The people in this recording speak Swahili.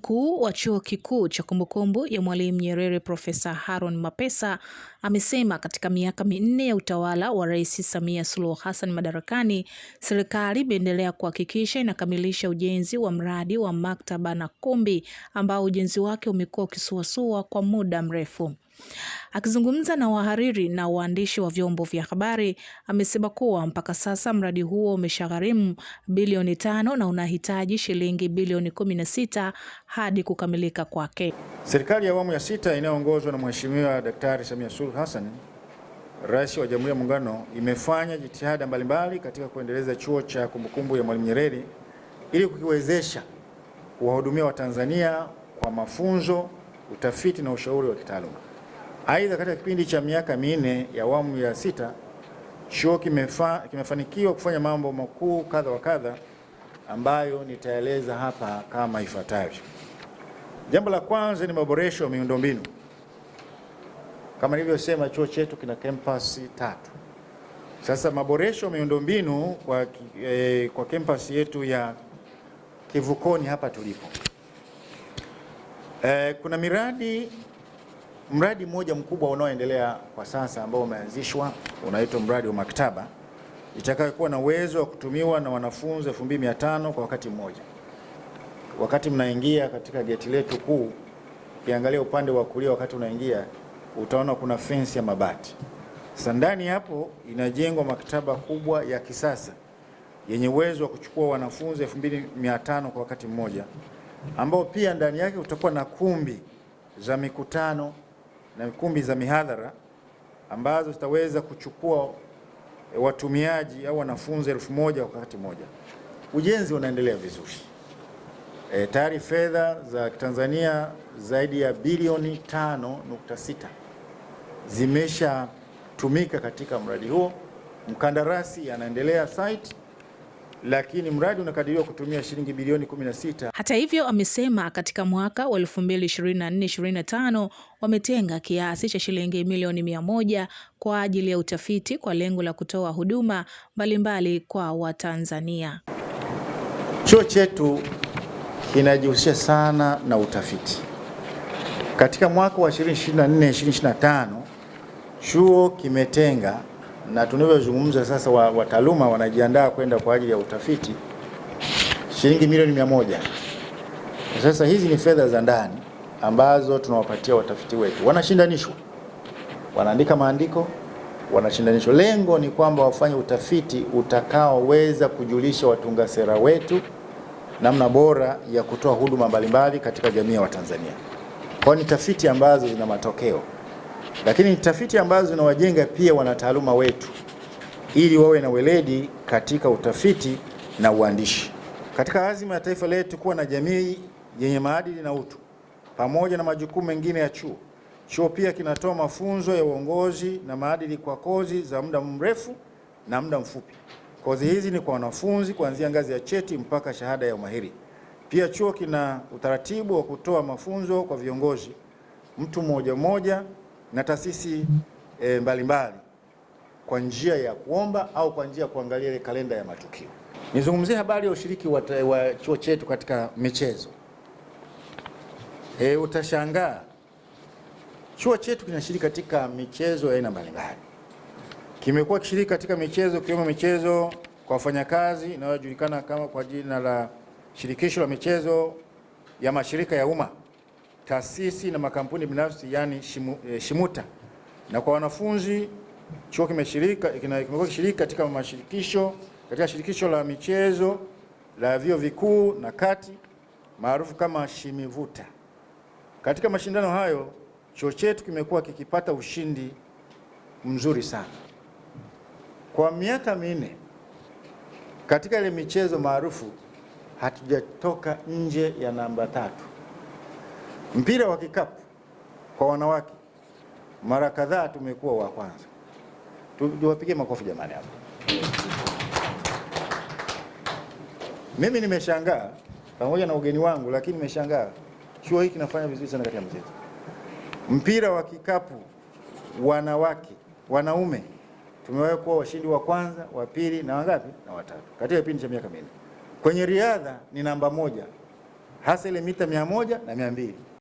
Mkuu wa Chuo Kikuu cha Kumbukumbu ya Mwalimu Nyerere, Profesa Haron Mapesa amesema katika miaka minne ya utawala wa Rais Samia Suluhu Hassan madarakani, serikali imeendelea kuhakikisha inakamilisha ujenzi wa mradi wa maktaba na kumbi ambao ujenzi wake umekuwa ukisuasua kwa muda mrefu. Akizungumza na wahariri na waandishi wa vyombo vya habari, amesema kuwa mpaka sasa mradi huo umeshagharimu bilioni tano na unahitaji shilingi bilioni kumi na sita hadi kukamilika kwake. Serikali ya awamu ya sita inayoongozwa na Mheshimiwa Daktari Samia Suluhu Hassan, Rais wa Jamhuri ya Muungano, imefanya jitihada mbalimbali katika kuendeleza chuo cha kumbukumbu ya Mwalimu Nyerere ili kukiwezesha kuwahudumia Watanzania kwa mafunzo, utafiti na ushauri wa kitaaluma. Aidha, katika kipindi cha miaka minne ya awamu ya sita chuo kimefa, kimefanikiwa kufanya mambo makuu kadha wa kadha ambayo nitaeleza hapa kama ifuatavyo. Jambo la kwanza ni maboresho ya miundombinu. Kama nilivyosema, chuo chetu kina kampasi tatu. Sasa maboresho ya miundombinu kwa, eh, kwa kampasi yetu ya Kivukoni hapa tulipo, eh, kuna miradi Mradi mmoja mkubwa unaoendelea kwa sasa ambao umeanzishwa unaitwa mradi wa maktaba itakayokuwa na uwezo wa kutumiwa na wanafunzi 2500 kwa wakati mmoja. Wakati mnaingia katika geti letu kuu, ukiangalia upande wa kulia, wakati unaingia utaona kuna fensi ya mabati. Sasa ndani hapo inajengwa maktaba kubwa ya kisasa yenye uwezo wa kuchukua wanafunzi 2500 kwa wakati mmoja, ambao pia ndani yake utakuwa na kumbi za mikutano na kumbi za mihadhara ambazo zitaweza kuchukua e, watumiaji au wanafunzi elfu moja wakati moja Ujenzi unaendelea vizuri. E, tayari fedha za Tanzania zaidi ya bilioni tano nukta sita zimeshatumika katika mradi huo. Mkandarasi anaendelea site lakini mradi unakadiriwa kutumia shilingi bilioni 16. Hata hivyo, amesema katika mwaka wa 2024-2025 wametenga kiasi cha shilingi milioni 100 kwa ajili ya utafiti kwa lengo la kutoa huduma mbalimbali kwa Watanzania. Chuo chetu kinajihusisha sana na utafiti. Katika mwaka wa 2024-2025 chuo kimetenga na tunavyozungumza sasa, wataaluma wanajiandaa kwenda kwa ajili ya utafiti shilingi milioni mia moja. Sasa hizi ni fedha za ndani ambazo tunawapatia watafiti wetu, wanashindanishwa, wanaandika maandiko, wanashindanishwa. Lengo ni kwamba wafanye utafiti utakaoweza kujulisha watunga sera wetu namna bora ya kutoa huduma mbalimbali katika jamii ya Watanzania. Kwa ni tafiti ambazo zina matokeo lakini tafiti ambazo zinawajenga pia wanataaluma wetu ili wawe na weledi katika utafiti na uandishi. Katika azima ya taifa letu kuwa na jamii yenye maadili na utu, pamoja na majukumu mengine ya chuo, chuo pia kinatoa mafunzo ya uongozi na maadili kwa kozi za muda mrefu na muda mfupi. Kozi hizi ni kwa wanafunzi kuanzia ngazi ya cheti mpaka shahada ya umahiri. Pia chuo kina utaratibu wa kutoa mafunzo kwa viongozi, mtu mmoja mmoja na taasisi e, mbalimbali kwa njia ya kuomba au kwa njia ya kuangalia ile kalenda ya matukio. Nizungumzie habari ya ushiriki wa, wa chuo chetu katika michezo. E, utashangaa chuo chetu kinashiriki katika michezo ya aina mbalimbali. Kimekuwa kishiriki katika michezo ikiwemo michezo kwa wafanyakazi inayojulikana kama kwa jina la Shirikisho la Michezo ya Mashirika ya Umma taasisi na makampuni binafsi yani shimu, e, SHIMUTA na kwa wanafunzi chuo kimeshirika kimekuwa kishiriki katika mashirikisho katika shirikisho la michezo la vyuo vikuu na kati maarufu kama SHIMIVUTA. Katika mashindano hayo chuo chetu kimekuwa kikipata ushindi mzuri sana kwa miaka minne. Katika ile michezo maarufu hatujatoka nje ya namba tatu. Mpira wa kikapu kwa wanawake mara kadhaa tumekuwa wa kwanza. Tuwapige makofi jamani hapa. Mimi nimeshangaa pamoja na ugeni wangu, lakini nimeshangaa chuo hiki kinafanya vizuri sana katika mchezo mpira wa kikapu wanawake. Wanaume tumewahi kuwa washindi wa kwanza, wa pili na wangapi na watatu katika kipindi cha miaka minne. Kwenye riadha ni namba moja hasa ile mita mia moja na mia mbili.